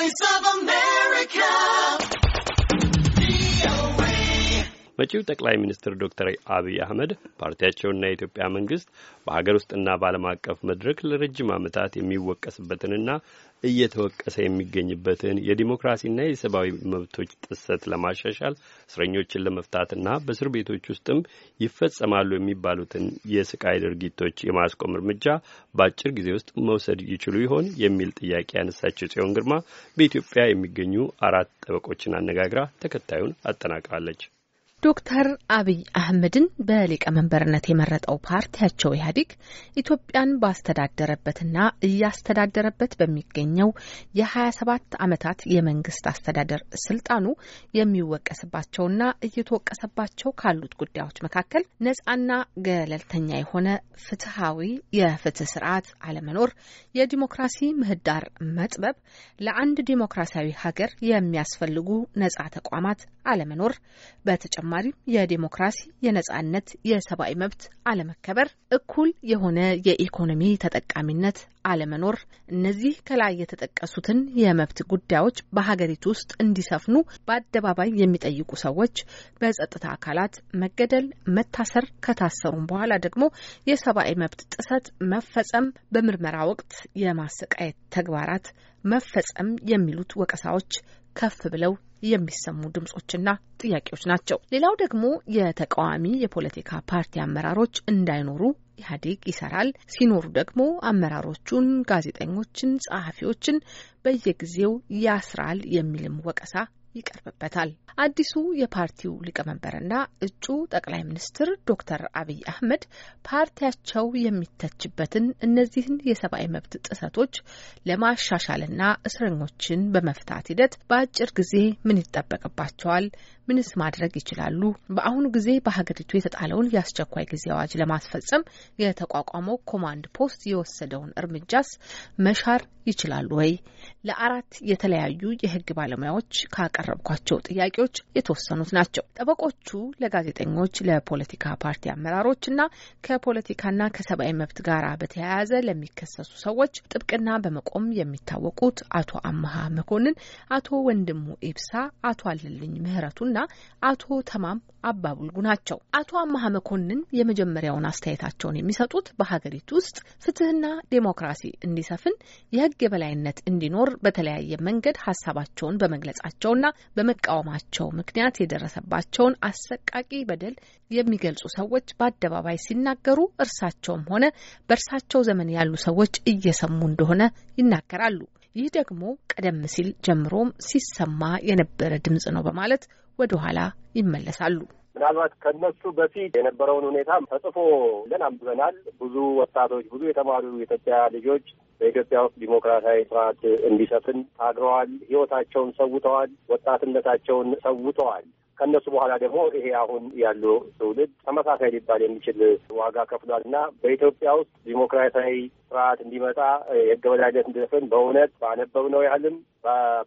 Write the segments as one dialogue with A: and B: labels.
A: Voice of America.
B: መጪው ጠቅላይ ሚኒስትር ዶክተር አብይ አህመድ ፓርቲያቸውና የኢትዮጵያ መንግስት በሀገር ውስጥና በዓለም አቀፍ መድረክ ለረጅም ዓመታት የሚወቀስበትንና እየተወቀሰ የሚገኝበትን የዲሞክራሲና የሰብአዊ መብቶች ጥሰት ለማሻሻል እስረኞችን ለመፍታትና በእስር ቤቶች ውስጥም ይፈጸማሉ የሚባሉትን የስቃይ ድርጊቶች የማስቆም እርምጃ በአጭር ጊዜ ውስጥ መውሰድ ይችሉ ይሆን የሚል ጥያቄ ያነሳቸው ጽዮን ግርማ በኢትዮጵያ የሚገኙ አራት ጠበቆችን አነጋግራ ተከታዩን አጠናቅራለች።
C: ዶክተር አብይ አህመድን በሊቀመንበርነት የመረጠው ፓርቲያቸው ኢህአዴግ ኢትዮጵያን ባስተዳደረበትና እያስተዳደረበት በሚገኘው የ27 ዓመታት የመንግስት አስተዳደር ስልጣኑ የሚወቀስባቸውና እየተወቀሰባቸው ካሉት ጉዳዮች መካከል ነጻና ገለልተኛ የሆነ ፍትሐዊ የፍትህ ስርዓት አለመኖር፣ የዲሞክራሲ ምህዳር መጥበብ፣ ለአንድ ዲሞክራሲያዊ ሀገር የሚያስፈልጉ ነጻ ተቋማት አለመኖር፣ በተጨማሪም የዴሞክራሲ የነጻነት፣ የሰብአዊ መብት አለመከበር፣ እኩል የሆነ የኢኮኖሚ ተጠቃሚነት አለመኖር እነዚህ ከላይ የተጠቀሱትን የመብት ጉዳዮች በሀገሪቱ ውስጥ እንዲሰፍኑ በአደባባይ የሚጠይቁ ሰዎች በጸጥታ አካላት መገደል፣ መታሰር፣ ከታሰሩም በኋላ ደግሞ የሰብአዊ መብት ጥሰት መፈጸም፣ በምርመራ ወቅት የማሰቃየት ተግባራት መፈጸም የሚሉት ወቀሳዎች ከፍ ብለው የሚሰሙ ድምጾችና ጥያቄዎች ናቸው። ሌላው ደግሞ የተቃዋሚ የፖለቲካ ፓርቲ አመራሮች እንዳይኖሩ ኢህአዴግ ይሰራል። ሲኖሩ ደግሞ አመራሮቹን፣ ጋዜጠኞችን፣ ጸሐፊዎችን በየጊዜው ያስራል የሚልም ወቀሳ ይቀርብበታል። አዲሱ የፓርቲው ሊቀመንበርና እጩ ጠቅላይ ሚኒስትር ዶክተር አብይ አህመድ ፓርቲያቸው የሚተችበትን እነዚህን የሰብአዊ መብት ጥሰቶች ለማሻሻልና እስረኞችን በመፍታት ሂደት በአጭር ጊዜ ምን ይጠበቅባቸዋል? ምንስ ማድረግ ይችላሉ? በአሁኑ ጊዜ በሀገሪቱ የተጣለውን የአስቸኳይ ጊዜ አዋጅ ለማስፈጸም የተቋቋመው ኮማንድ ፖስት የወሰደውን እርምጃስ መሻር ይችላሉ ወይ? ለአራት የተለያዩ የህግ ባለሙያዎች ካቀረብኳቸው ጥያቄዎች የተወሰኑት ናቸው። ጠበቆቹ ለጋዜጠኞች፣ ለፖለቲካ ፓርቲ አመራሮች እና ከፖለቲካና ከሰብአዊ መብት ጋር በተያያዘ ለሚከሰሱ ሰዎች ጥብቅና በመቆም የሚታወቁት አቶ አመሀ መኮንን፣ አቶ ወንድሙ ኤብሳ፣ አቶ አለልኝ ምህረቱና አቶ ተማም አባቡልጉ ናቸው። አቶ አመሀ መኮንን የመጀመሪያውን አስተያየታቸውን የሚሰጡት በሀገሪቱ ውስጥ ፍትህና ዴሞክራሲ እንዲሰፍን የህግ የበላይነት እንዲኖር በተለያየ መንገድ ሀሳባቸውን በመግለጻቸውና በመቃወማቸው ምክንያት የደረሰባቸውን አሰቃቂ በደል የሚገልጹ ሰዎች በአደባባይ ሲናገሩ እርሳቸውም ሆነ በእርሳቸው ዘመን ያሉ ሰዎች እየሰሙ እንደሆነ ይናገራሉ። ይህ ደግሞ ቀደም ሲል ጀምሮም ሲሰማ የነበረ ድምጽ ነው በማለት ወደ ኋላ ይመለሳሉ።
B: ምናልባት ከነሱ በፊት የነበረውን ሁኔታ ተጽፎ ለን አንብበናል። ብዙ ወጣቶች፣ ብዙ የተማሩ የኢትዮጵያ ልጆች በኢትዮጵያ ውስጥ ዲሞክራሲያዊ ስርዓት እንዲሰፍን ታግረዋል። ህይወታቸውን ሰውተዋል። ወጣትነታቸውን ሰውተዋል። ከእነሱ በኋላ ደግሞ ይሄ አሁን ያለ ትውልድ ተመሳሳይ ሊባል የሚችል ዋጋ ከፍሏል እና በኢትዮጵያ ውስጥ ዲሞክራሲያዊ ስርዓት እንዲመጣ የህገ በላይነት እንዲሰፍን በእውነት ባነበብነው ያህልም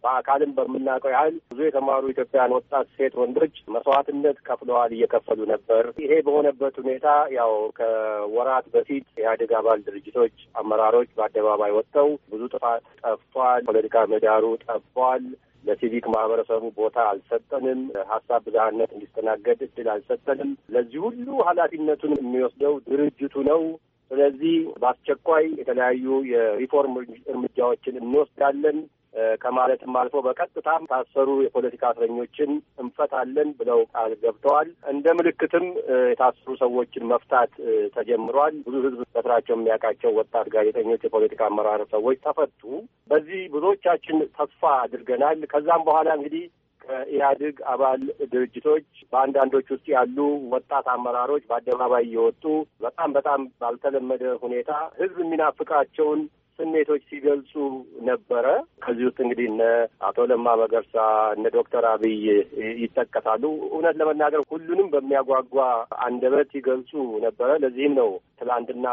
B: በአካልም በምናውቀው ያህል ብዙ የተማሩ ኢትዮጵያውያን ወጣት ሴት ወንዶች መስዋዕትነት ከፍለዋል፣ እየከፈሉ ነበር። ይሄ በሆነበት ሁኔታ ያው ከወራት በፊት የኢህአዴግ አባል ድርጅቶች አመራሮች በአደባባይ ወጥተው ብዙ ጥፋት ጠፍቷል፣ ፖለቲካ ምህዳሩ ጠቧል። ለሲቪክ ማህበረሰቡ ቦታ አልሰጠንም። ሀሳብ ብዝሃነት እንዲስተናገድ እድል አልሰጠንም። ለዚህ ሁሉ ኃላፊነቱን የሚወስደው ድርጅቱ ነው። ስለዚህ በአስቸኳይ የተለያዩ የሪፎርም እርምጃዎችን እንወስዳለን። ከማለትም አልፎ በቀጥታ ታሰሩ የፖለቲካ እስረኞችን እንፈታለን ብለው ቃል ገብተዋል። እንደ ምልክትም የታሰሩ ሰዎችን መፍታት ተጀምሯል። ብዙ ህዝብ በስራቸው የሚያውቃቸው ወጣት ጋዜጠኞች፣ የፖለቲካ አመራር ሰዎች ተፈቱ። በዚህ ብዙዎቻችን ተስፋ አድርገናል። ከዛም በኋላ እንግዲህ ከኢህአዴግ አባል ድርጅቶች በአንዳንዶች ውስጥ ያሉ ወጣት አመራሮች በአደባባይ እየወጡ በጣም በጣም ባልተለመደ ሁኔታ ህዝብ የሚናፍቃቸውን ስሜቶች ሲገልጹ ነበረ። ከዚህ ውስጥ እንግዲህ እነ አቶ ለማ በገርሳ እነ ዶክተር አብይ ይጠቀሳሉ። እውነት ለመናገር ሁሉንም በሚያጓጓ አንደበት ይገልጹ ነበረ። ለዚህም ነው ትላንትና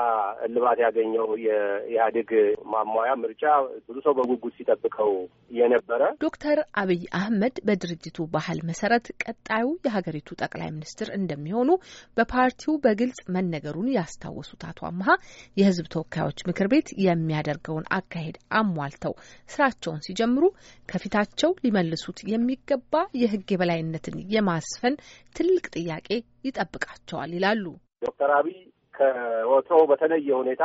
B: እልባት ያገኘው የኢህአዴግ ማሟያ ምርጫ ብዙ ሰው በጉጉት ሲጠብቀው የነበረ
C: ዶክተር አብይ አህመድ በድርጅቱ ባህል መሰረት ቀጣዩ የሀገሪቱ ጠቅላይ ሚኒስትር እንደሚሆኑ በፓርቲው በግልጽ መነገሩን ያስታወሱት አቶ አመሀ የህዝብ ተወካዮች ምክር ቤት የሚያደርገውን አካሄድ አሟልተው ስራቸውን ሲጀምሩ ከፊታቸው ሊመልሱት የሚገባ የህግ የበላይነትን የማስፈን ትልቅ ጥያቄ ይጠብቃቸዋል ይላሉ
B: ዶክተር አብይ ከወትሮ በተለየ ሁኔታ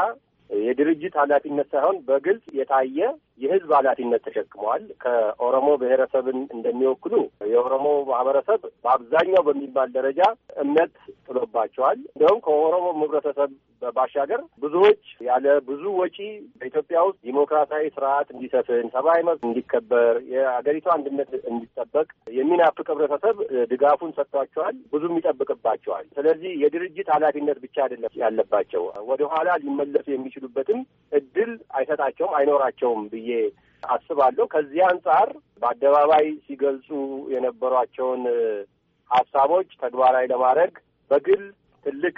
B: የድርጅት ኃላፊነት ሳይሆን በግልጽ የታየ የህዝብ ኃላፊነት ተሸክመዋል። ከኦሮሞ ብሔረሰብን እንደሚወክሉ የኦሮሞ ማህበረሰብ በአብዛኛው በሚባል ደረጃ እምነት ጥሎባቸዋል። እንዲሁም ከኦሮሞ ህብረተሰብ ባሻገር ብዙዎች ያለ ብዙ ወጪ በኢትዮጵያ ውስጥ ዲሞክራሲያዊ ስርዓት እንዲሰፍን፣ ሰብአዊ መብት እንዲከበር፣ የአገሪቱ አንድነት እንዲጠበቅ የሚናፍቅ ህብረተሰብ ድጋፉን ሰጥቷቸዋል። ብዙም ይጠብቅባቸዋል። ስለዚህ የድርጅት ኃላፊነት ብቻ አይደለም ያለባቸው ወደኋላ ሊመለሱ የሚችሉበትም እድል አይሰጣቸውም፣ አይኖራቸውም ብዬ ብዬ አስባለሁ። ከዚህ አንጻር በአደባባይ ሲገልጹ የነበሯቸውን ሀሳቦች ተግባራዊ ለማድረግ በግል ትልቅ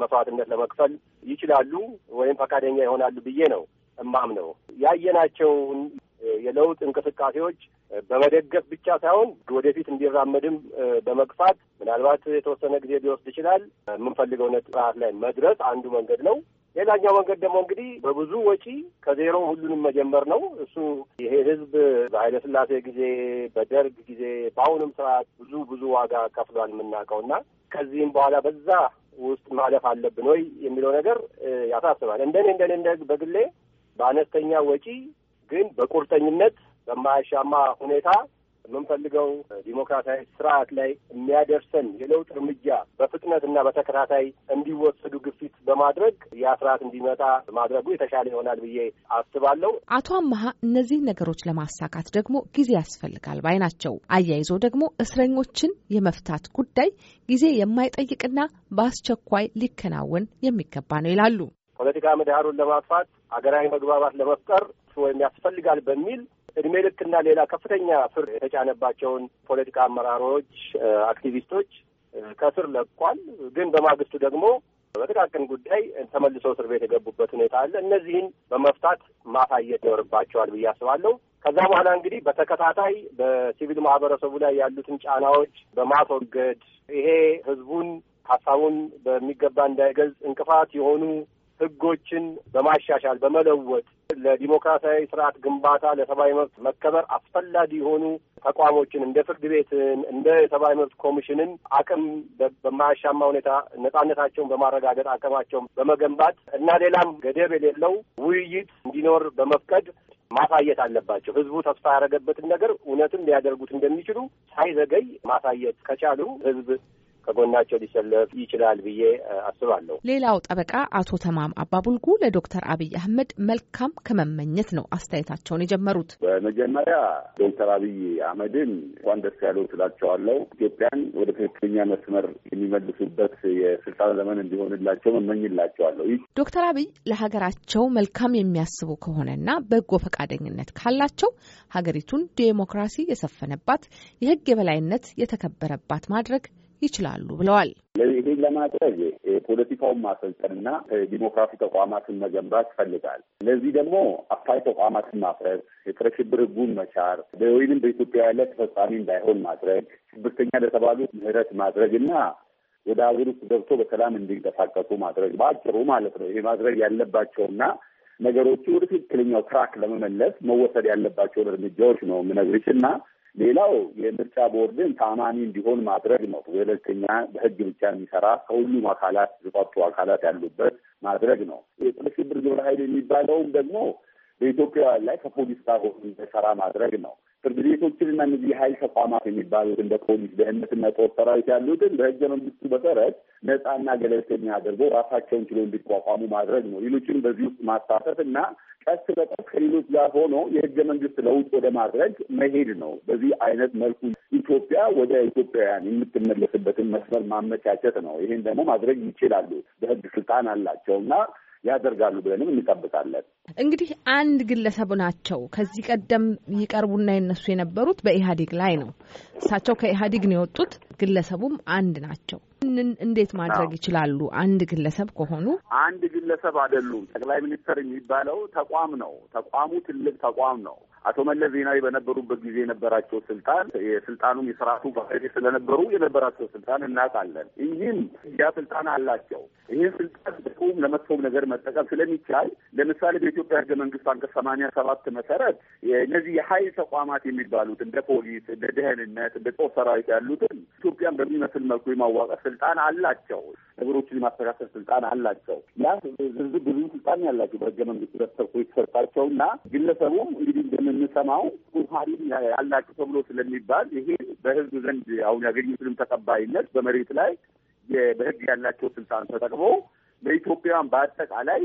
B: መስዋዕትነት ለመክፈል ይችላሉ ወይም ፈቃደኛ ይሆናሉ ብዬ ነው እማም ነው ያየናቸውን የለውጥ እንቅስቃሴዎች በመደገፍ ብቻ ሳይሆን ወደፊት እንዲራመድም በመግፋት ምናልባት የተወሰነ ጊዜ ሊወስድ ይችላል። የምንፈልገው ነጥብ ላይ መድረስ አንዱ መንገድ ነው። ሌላኛው መንገድ ደግሞ እንግዲህ በብዙ ወጪ ከዜሮ ሁሉንም መጀመር ነው። እሱ ይሄ ህዝብ በኃይለ ስላሴ ጊዜ፣ በደርግ ጊዜ፣ በአሁንም ስርዓት ብዙ ብዙ ዋጋ ከፍሏል የምናውቀው እና ከዚህም በኋላ በዛ ውስጥ ማለፍ አለብን ወይ የሚለው ነገር ያሳስባል። እንደኔ እንደኔ እንደ በግሌ በአነስተኛ ወጪ ግን በቁርጠኝነት በማያሻማ ሁኔታ የምንፈልገው ዲሞክራሲያዊ ስርዓት ላይ የሚያደርሰን የለውጥ እርምጃ በፍጥነት እና በተከታታይ እንዲወሰዱ ግፊት በማድረግ ያ ስርዓት እንዲመጣ ማድረጉ የተሻለ ይሆናል ብዬ አስባለሁ።
C: አቶ አመሀ እነዚህ ነገሮች ለማሳካት ደግሞ ጊዜ ያስፈልጋል ባይ ናቸው። አያይዞ ደግሞ እስረኞችን የመፍታት ጉዳይ ጊዜ የማይጠይቅና በአስቸኳይ ሊከናወን የሚገባ ነው ይላሉ።
B: ፖለቲካ ምህዳሩን ለማጥፋት ሀገራዊ መግባባት ለመፍጠር ወይም ያስፈልጋል በሚል እድሜ ልክና ሌላ ከፍተኛ ስር የተጫነባቸውን ፖለቲካ አመራሮች፣ አክቲቪስቶች ከስር ለቋል። ግን በማግስቱ ደግሞ በጥቃቅን ጉዳይ ተመልሰው እስር ቤት የገቡበት ሁኔታ አለ። እነዚህን በመፍታት ማሳየት ይኖርባቸዋል ብዬ አስባለሁ። ከዛ በኋላ እንግዲህ በተከታታይ በሲቪል ማህበረሰቡ ላይ ያሉትን ጫናዎች በማስወገድ ይሄ ህዝቡን ሀሳቡን በሚገባ እንዳይገልጽ እንቅፋት የሆኑ ህጎችን በማሻሻል በመለወጥ ለዲሞክራሲያዊ ስርዓት ግንባታ ለሰብአዊ መብት መከበር አስፈላጊ የሆኑ ተቋሞችን እንደ ፍርድ ቤትን እንደ የሰብአዊ መብት ኮሚሽንን አቅም በማያሻማ ሁኔታ ነጻነታቸውን በማረጋገጥ አቅማቸውን በመገንባት እና ሌላም ገደብ የሌለው ውይይት እንዲኖር በመፍቀድ ማሳየት አለባቸው። ህዝቡ ተስፋ ያደረገበትን ነገር እውነትም ሊያደርጉት እንደሚችሉ ሳይዘገይ ማሳየት ከቻሉ ህዝብ ከጎናቸው ሊሰለፍ ይችላል ብዬ አስባለሁ። ሌላው
C: ጠበቃ አቶ ተማም አባቡልጉ ለዶክተር አብይ አህመድ መልካም ከመመኘት ነው አስተያየታቸውን የጀመሩት።
B: በመጀመሪያ
D: ዶክተር አብይ አህመድን እንኳን ደስ ያለው ትላቸዋለሁ። ኢትዮጵያን ወደ ትክክለኛ መስመር የሚመልሱበት የስልጣን ዘመን እንዲሆንላቸው መመኝላቸዋለሁ።
C: ዶክተር አብይ ለሀገራቸው መልካም የሚያስቡ ከሆነና በጎ ፈቃደኝነት ካላቸው ሀገሪቱን ዴሞክራሲ የሰፈነባት የህግ የበላይነት የተከበረባት ማድረግ ይችላሉ
D: ብለዋል። ይህን ለማድረግ የፖለቲካውን ማሰልጠንና ዲሞክራሲ ተቋማትን መገንባት ይፈልጋል። ለዚህ ደግሞ አፋይ ተቋማትን ማፍረስ፣ የጸረ ሽብር ህጉን መቻር፣ ወይንም በኢትዮጵያ ያለ ተፈጻሚ እንዳይሆን ማድረግ፣ ሽብርተኛ ለተባሉት ምህረት ማድረግ እና ወደ ሀገር ውስጥ ገብቶ በሰላም እንዲንቀሳቀሱ ማድረግ በአጭሩ ማለት ነው። ይሄ ማድረግ ያለባቸውና ነገሮቹ ወደ ትክክለኛው ትራክ ለመመለስ መወሰድ ያለባቸውን እርምጃዎች ነው የምነግርሽ እና ሌላው የምርጫ ቦርድን ታማኒ እንዲሆን ማድረግ ነው። ገለልተኛ በህግ ብቻ የሚሰራ ከሁሉም አካላት የተቋጡ አካላት ያሉበት ማድረግ ነው። የጸረ ሽብር ግብረ ኃይል የሚባለውም ደግሞ በኢትዮጵያ ላይ ከፖሊስ ጋር ሆኖ እንዲሰራ ማድረግ ነው። ፍርድ ቤቶችንና እነዚህ የሀይል ተቋማት የሚባሉት እንደ ፖሊስ፣ ደህንነትና ጦር ሰራዊት ያሉትን በህገ መንግስቱ መሰረት ነጻና ገለልተኛ አድርጎ ራሳቸውን ችሎ እንዲቋቋሙ ማድረግ ነው። ሌሎችን በዚህ ውስጥ ማሳተፍ እና ቀስ በቀስ ከሌሎች ጋር ሆኖ የህገ መንግስት ለውጥ ወደ ማድረግ መሄድ ነው። በዚህ አይነት መልኩ ኢትዮጵያ ወደ ኢትዮጵያውያን የምትመለስበትን መስመር ማመቻቸት ነው። ይሄን ደግሞ ማድረግ ይችላሉ። በህግ ስልጣን አላቸው እና ያደርጋሉ ብለንም እንጠብቃለን።
C: እንግዲህ አንድ ግለሰብ ናቸው። ከዚህ ቀደም ይቀርቡና ይነሱ የነበሩት በኢህአዴግ ላይ ነው። እሳቸው ከኢህአዴግ ነው የወጡት። ግለሰቡም አንድ ናቸው። ይህንን እንዴት ማድረግ ይችላሉ? አንድ ግለሰብ ከሆኑ
D: አንድ ግለሰብ አይደሉም። ጠቅላይ ሚኒስትር የሚባለው ተቋም ነው። ተቋሙ ትልቅ ተቋም ነው። አቶ መለስ ዜናዊ በነበሩበት ጊዜ የነበራቸው ስልጣን የስልጣኑም የስርዓቱ ባህሪ ስለነበሩ የነበራቸው ስልጣን እናውቃለን። ይህም ያ ስልጣን አላቸው። ይህን ስልጣን ጥቁም ለመጥፎም ነገር መጠቀም ስለሚቻል ለምሳሌ በኢትዮጵያ ህገ መንግስት አንቀጽ ሰማንያ ሰባት መሰረት እነዚህ የሀይል ተቋማት የሚባሉት እንደ ፖሊስ፣ እንደ ደህንነት፣ እንደ ጦር ሰራዊት ያሉትን ኢትዮጵያን በሚመስል መልኩ የማዋቀር ስልጣን አላቸው። ነገሮችን የማስተካከል ስልጣን አላቸው።
B: ያ ዝርዝር ብዙ
D: ስልጣን ያላቸው በህገ መንግስት ተሰርፎ የተሰጣቸው እና ግለሰቡም እንግዲህ የምንሰማው ቡሃሪ ያላቸው ተብሎ ስለሚባል ይሄ በህዝብ ዘንድ አሁን ያገኙትንም ተቀባይነት በመሬት ላይ በህግ ያላቸው ስልጣን ተጠቅሞ ለኢትዮጵያውያን በአጠቃላይ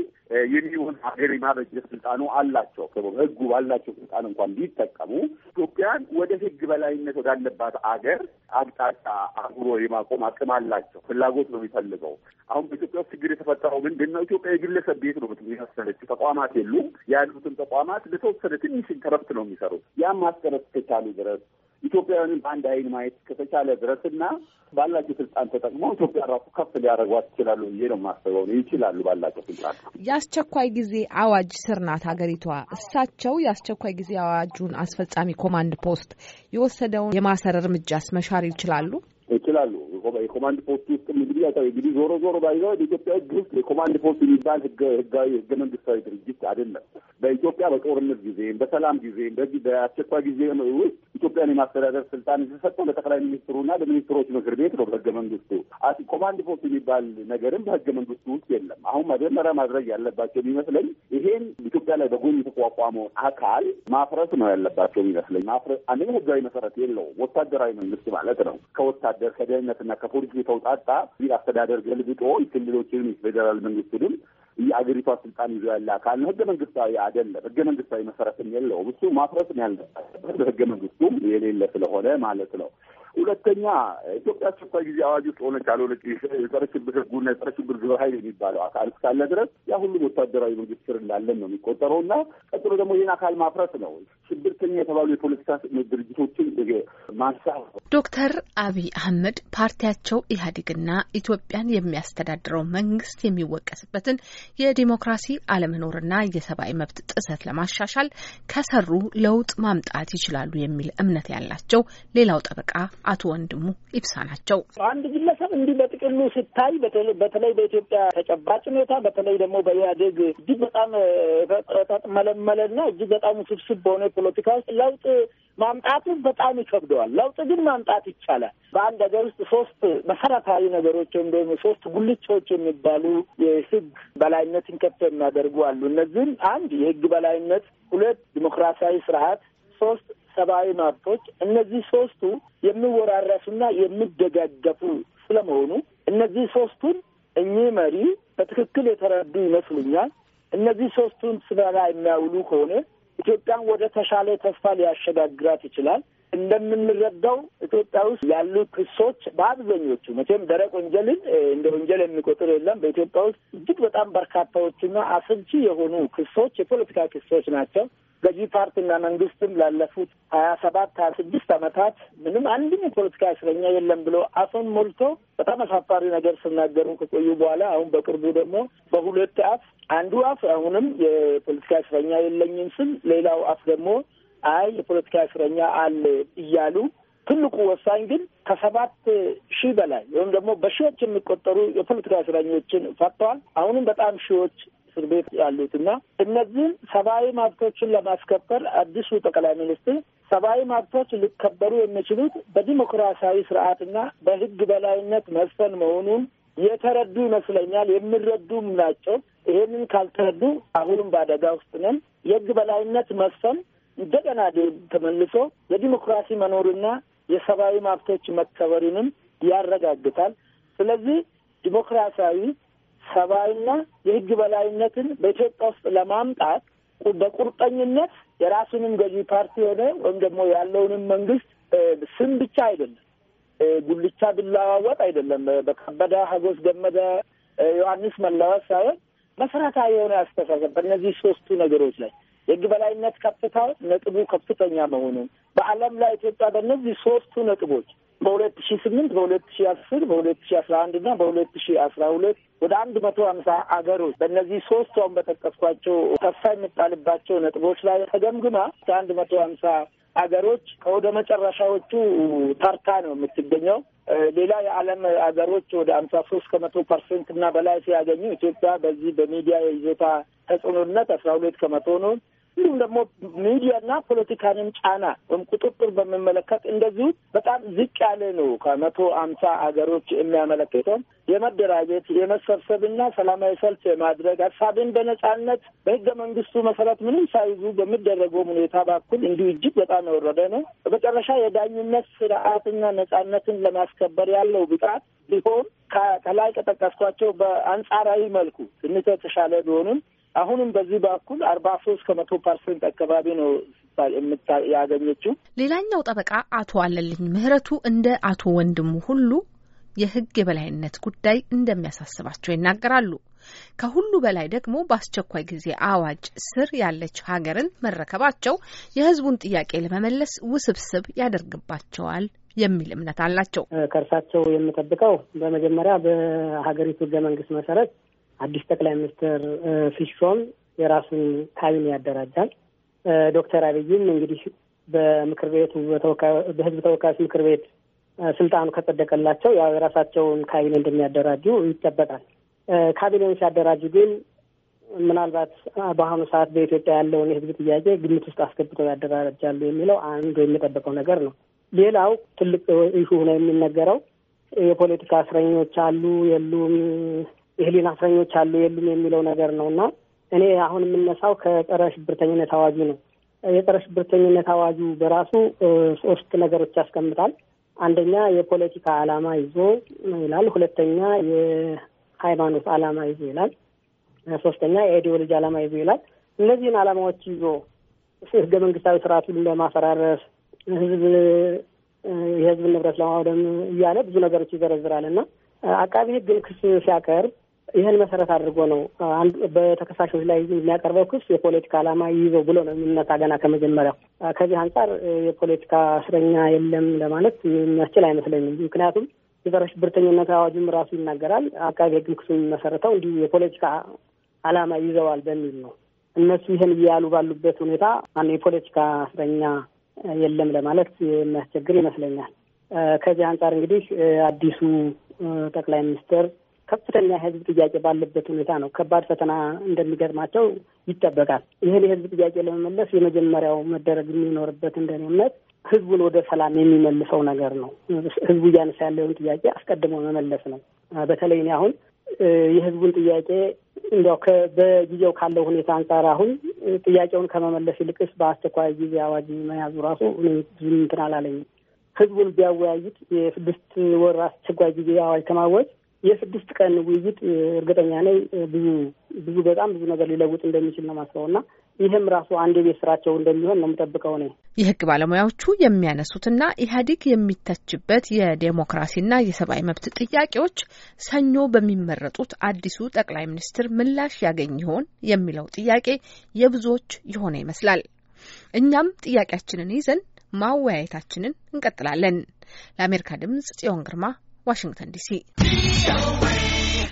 D: የሚሆን ሀገር የማበጀት ስልጣኑ አላቸው። ህጉ ባላቸው ስልጣን እንኳን ቢጠቀሙ ኢትዮጵያን ወደ ህግ በላይነት ወዳለባት አገር አቅጣጫ አጉሮ የማቆም አቅም አላቸው። ፍላጎት ነው የሚፈልገው። አሁን በኢትዮጵያ ውስጥ ችግር የተፈጠረው ምንድን ነው? ኢትዮጵያ የግለሰብ ቤት ነው የመሰለችው። ተቋማት የሉም። ያሉትን ተቋማት ለተወሰነ ትንሽ ከረፍት ነው የሚሰሩት። ያም ማስቀረት እስከቻሉ ድረስ ኢትዮጵያውያንን በአንድ አይን ማየት ከተቻለ ድረስና ባላቸው ስልጣን ተጠቅመው ኢትዮጵያ ራሱ ከፍ ሊያደርጓት ይችላሉ ብዬ ነው የማስበው። ይችላሉ ባላቸው ስልጣን።
C: የአስቸኳይ ጊዜ አዋጅ ስር ናት ሀገሪቷ። እሳቸው የአስቸኳይ ጊዜ አዋጁን አስፈጻሚ ኮማንድ ፖስት የወሰደውን የማሰር እርምጃ አስመሻር ይችላሉ?
D: ይችላሉ። የኮማንድ ፖስት ውስጥ እንግዲህ ያው እንግዲህ ዞሮ ዞሮ ባይዘው በኢትዮጵያ ሕግ ውስጥ የኮማንድ ፖስት የሚባል ህጋዊ ህገ መንግስታዊ ድርጅት አይደለም። በኢትዮጵያ በጦርነት ጊዜም በሰላም ጊዜም በዚህ በአስቸኳይ ጊዜ ውስጥ ኢትዮጵያን የማስተዳደር ስልጣን የተሰጠው ለጠቅላይ ሚኒስትሩና ለሚኒስትሮች ምክር ቤት ነው በህገ መንግስቱ። ኮማንድ ፖስት የሚባል ነገርም በህገ መንግስቱ ውስጥ የለም። አሁን መጀመሪያ ማድረግ ያለባቸው የሚመስለኝ ይሄን ኢትዮጵያ ላይ በጎኝ የተቋቋመውን አካል ማፍረስ ነው ያለባቸው የሚመስለኝ። ማፍረስ አንደኛ ህጋዊ መሰረት የለውም። ወታደራዊ መንግስት ማለት ነው ከወታ አስተዳደር ከደህንነትና ከፖሊስ የተውጣጣ ሲቪል አስተዳደር ገልብጦ የክልሎችንም የፌዴራል መንግስትንም የአገሪቷ ስልጣን ይዞ ያለ አካል ነው። ህገ መንግስታዊ አይደለም። ህገ መንግስታዊ መሰረትም የለውም። እሱ ማፍረስም ያለበት በህገ መንግስቱም የሌለ ስለሆነ ማለት ነው። ሁለተኛ ኢትዮጵያ አስቸኳይ ጊዜ አዋጅ ውስጥ ሆነች አልሆነች የጸረ ሽብር ህጉና የጸረ ሽብር ግብረ ኃይል የሚባለው አካል እስካለ ድረስ ያ ሁሉም ወታደራዊ መንግስት ስር እንዳለን ነው የሚቆጠረው እና ቀጥሎ ደግሞ ይህን አካል ማፍረስ ነው። ሽብርተኛ የተባሉ የፖለቲካ ድርጅቶችን ማንሳ።
C: ዶክተር አብይ አህመድ ፓርቲያቸው ኢህአዴግና ኢትዮጵያን የሚያስተዳድረው መንግስት የሚወቀስበትን የዲሞክራሲ አለመኖርና የሰብአዊ መብት ጥሰት ለማሻሻል ከሰሩ ለውጥ ማምጣት ይችላሉ የሚል እምነት ያላቸው ሌላው ጠበቃ አቶ ወንድሙ ኢብሳ ናቸው።
A: አንድ ግለሰብ እንዲህ በጥቅሉ ስታይ በተለይ በኢትዮጵያ ተጨባጭ ሁኔታ በተለይ ደግሞ በኢህአዴግ እጅግ በጣም ተጥመለመለና እጅግ በጣም ውስብስብ በሆነ ፖለቲካ ውስጥ ለውጥ ማምጣቱ በጣም ይከብደዋል። ለውጥ ግን ማምጣት ይቻላል። በአንድ ሀገር ውስጥ ሶስት መሰረታዊ ነገሮች ወይም ደግሞ ሶስት ጉልቻዎች የሚባሉ የህግ በላይነትን ከፍ የሚያደርጉ አሉ። እነዚህም አንድ የህግ በላይነት፣ ሁለት ዲሞክራሲያዊ ስርዓት፣ ሶስት ሰብአዊ መብቶች እነዚህ ሶስቱ የሚወራረሱና የሚደጋገፉ ስለመሆኑ እነዚህ ሶስቱን እኚህ መሪ በትክክል የተረዱ ይመስሉኛል። እነዚህ ሶስቱን ስበላ የሚያውሉ ከሆነ ኢትዮጵያን ወደ ተሻለ ተስፋ ሊያሸጋግራት ይችላል። እንደምንረዳው ኢትዮጵያ ውስጥ ያሉ ክሶች በአብዛኞቹ መቼም ደረቅ ወንጀልን እንደ ወንጀል የሚቆጥር የለም። በኢትዮጵያ ውስጥ እጅግ በጣም በርካታዎቹና አሰልቺ የሆኑ ክሶች የፖለቲካ ክሶች ናቸው። ገዢ ፓርቲና መንግስትም ላለፉት ሀያ ሰባት ሀያ ስድስት ዓመታት ምንም አንድም የፖለቲካ እስረኛ የለም ብሎ አፉን ሞልቶ በጣም አሳፋሪ ነገር ስናገሩ ከቆዩ በኋላ አሁን በቅርቡ ደግሞ በሁለት አፍ አንዱ አፍ አሁንም የፖለቲካ እስረኛ የለኝም ስል፣ ሌላው አፍ ደግሞ አይ የፖለቲካ እስረኛ አለ እያሉ ትልቁ ወሳኝ ግን ከሰባት ሺህ በላይ ወይም ደግሞ በሺዎች የሚቆጠሩ የፖለቲካ እስረኞችን ፈጥተዋል። አሁንም በጣም ሺዎች እስር ቤት ያሉት እና እነዚህም ሰብአዊ መብቶችን ለማስከበር አዲሱ ጠቅላይ ሚኒስትር ሰብአዊ መብቶች ሊከበሩ የሚችሉት በዲሞክራሲያዊ ስርዓትና በህግ በላይነት መስፈን መሆኑን የተረዱ ይመስለኛል። የሚረዱም ናቸው። ይሄንን ካልተረዱ አሁንም በአደጋ ውስጥ ነን። የህግ በላይነት መስፈን እንደገና ተመልሶ የዲሞክራሲ መኖርና የሰብአዊ መብቶች መከበርንም ያረጋግጣል። ስለዚህ ዲሞክራሲያዊ ሰብአዊና የህግ በላይነትን በኢትዮጵያ ውስጥ ለማምጣት በቁርጠኝነት የራሱንም ገዢ ፓርቲ የሆነ ወይም ደግሞ ያለውንም መንግስት ስም ብቻ አይደለም፣ ጉልቻ ቢለዋወጥ አይደለም፣ በከበደ ሀጎስ ገመደ፣ ዮሐንስ መለወስ ሳይሆን መሰረታዊ የሆነ ያስተሳሰብ በእነዚህ ሶስቱ ነገሮች ላይ የህግ በላይነት ከፍታው ነጥቡ ከፍተኛ መሆኑን በዓለም ላይ ኢትዮጵያ በእነዚህ ሶስቱ ነጥቦች በሁለት ሺ ስምንት በሁለት ሺ አስር በሁለት ሺ አስራ አንድ እና በሁለት ሺ አስራ ሁለት ወደ አንድ መቶ ሀምሳ አገሮች በእነዚህ ሶስቱ አሁን በጠቀስኳቸው ተስፋ የሚጣልባቸው ነጥቦች ላይ ተገምግማ ከአንድ መቶ ሀምሳ አገሮች ከወደ መጨረሻዎቹ ተርታ ነው የምትገኘው። ሌላ የዓለም አገሮች ወደ አምሳ ሶስት ከመቶ ፐርሰንት እና በላይ ሲያገኙ ኢትዮጵያ በዚህ በሚዲያ የይዞታ ተጽዕኖነት አስራ ሁለት ከመቶ ነው። እንዲሁም ደግሞ ሚዲያና ፖለቲካንም ጫና ወይም ቁጥጥር በሚመለከት እንደዚሁ በጣም ዝቅ ያለ ነው። ከመቶ አምሳ ሀገሮች የሚያመለክተው የመደራጀት የመሰብሰብና ሰላማዊ ሰልፍ የማድረግ ሀሳብን በነጻነት በህገ መንግስቱ መሰረት ምንም ሳይዙ በሚደረገውም ሁኔታ በኩል እንዲሁ እጅግ በጣም የወረደ ነው። በመጨረሻ የዳኝነት ስርዓትና ነጻነትን ለማስከበር ያለው ብቃት ቢሆን ከላይ ከጠቀስኳቸው በአንጻራዊ መልኩ ትንሽ የተሻለ ቢሆንም አሁንም በዚህ በኩል አርባ ሶስት ከመቶ ፐርሰንት አካባቢ ነው ያገኘችው።
C: ሌላኛው ጠበቃ አቶ አለልኝ ምህረቱ እንደ አቶ ወንድሙ ሁሉ የህግ የበላይነት ጉዳይ እንደሚያሳስባቸው ይናገራሉ። ከሁሉ በላይ ደግሞ በአስቸኳይ ጊዜ አዋጅ ስር ያለች ሀገርን መረከባቸው የህዝቡን ጥያቄ ለመመለስ ውስብስብ ያደርግባቸዋል የሚል እምነት አላቸው።
E: ከእርሳቸው የምጠብቀው በመጀመሪያ በሀገሪቱ ህገ መንግስት መሰረት አዲስ ጠቅላይ ሚኒስትር ሲሾም የራሱን ካቢኔ ያደራጃል። ዶክተር አብይም እንግዲህ በምክር ቤቱ በህዝብ ተወካዮች ምክር ቤት ስልጣኑ ከጸደቀላቸው ያው የራሳቸውን ካቢኔ እንደሚያደራጁ ይጠበቃል። ካቢኔውን ሲያደራጁ ግን ምናልባት በአሁኑ ሰዓት በኢትዮጵያ ያለውን የህዝብ ጥያቄ ግምት ውስጥ አስገብተው ያደራጃሉ የሚለው አንዱ የሚጠበቀው ነገር ነው። ሌላው ትልቅ ኢሹ ሆኖ የሚነገረው የፖለቲካ እስረኞች አሉ የሉም ሌላ እስረኞች አሉ የሉም የሚለው ነገር ነው እና እኔ አሁን የምነሳው ከጸረ ሽብርተኝነት አዋጁ ነው። የጸረ ሽብርተኝነት አዋጁ በራሱ ሶስት ነገሮች ያስቀምጣል። አንደኛ የፖለቲካ ዓላማ ይዞ ይላል። ሁለተኛ የሃይማኖት ዓላማ ይዞ ይላል። ሶስተኛ የአይዲዮሎጂ ዓላማ ይዞ ይላል። እነዚህን ዓላማዎች ይዞ ህገ መንግስታዊ ስርዓቱን ለማፈራረስ ህዝብ የህዝብ ንብረት ለማውደም እያለ ብዙ ነገሮች ይዘረዝራል እና አቃቢ ህግን ክስ ሲያቀርብ ይህን መሰረት አድርጎ ነው አንዱ በተከሳሾች ላይ የሚያቀርበው ክስ የፖለቲካ ዓላማ ይይዘው ብሎ ነው የሚነሳ ገና ከመጀመሪያው። ከዚህ አንጻር የፖለቲካ እስረኛ የለም ለማለት የሚያስችል አይመስለኝም። ምክንያቱም የጸረ ብርተኝነት አዋጅም ራሱ ይናገራል። አቃቤ ሕግ ክሱ የሚመሰረተው እንዲሁ የፖለቲካ ዓላማ ይዘዋል በሚል ነው። እነሱ ይህን እያሉ ባሉበት ሁኔታ አንድ የፖለቲካ እስረኛ የለም ለማለት የሚያስቸግር ይመስለኛል። ከዚህ አንጻር እንግዲህ አዲሱ ጠቅላይ ሚኒስትር ከፍተኛ የህዝብ ጥያቄ ባለበት ሁኔታ ነው ከባድ ፈተና እንደሚገጥማቸው ይጠበቃል። ይህን የህዝብ ጥያቄ ለመመለስ የመጀመሪያው መደረግ የሚኖርበት እንደኔ እምነት ህዝቡን ወደ ሰላም የሚመልሰው ነገር ነው። ህዝቡ እያነሳ ያለውን ጥያቄ አስቀድሞ መመለስ ነው። በተለይ እኔ አሁን የህዝቡን ጥያቄ እንዲያው በጊዜው ካለው ሁኔታ አንጻር አሁን ጥያቄውን ከመመለስ ይልቅስ በአስቸኳይ ጊዜ አዋጅ መያዙ ራሱ እንትን አላለኝም። ህዝቡን ቢያወያዩት የስድስት ወር አስቸኳይ ጊዜ አዋጅ ከማወጅ የስድስት ቀን ውይይት እርግጠኛ ነኝ ብዙ ብዙ በጣም ብዙ ነገር ሊለውጥ እንደሚችል ነው ማስበው እና ይህም ራሱ አንድ የቤት ስራቸው እንደሚሆን ነው የምጠብቀው ነው።
C: የህግ ባለሙያዎቹ የሚያነሱትና ኢህአዴግ የሚተችበት የዴሞክራሲና የሰብአዊ መብት ጥያቄዎች ሰኞ በሚመረጡት አዲሱ ጠቅላይ ሚኒስትር ምላሽ ያገኝ ይሆን የሚለው ጥያቄ የብዙዎች የሆነ ይመስላል። እኛም ጥያቄያችንን ይዘን ማወያየታችንን እንቀጥላለን። ለአሜሪካ ድምጽ ጽዮን ግርማ ዋሽንግተን ዲሲ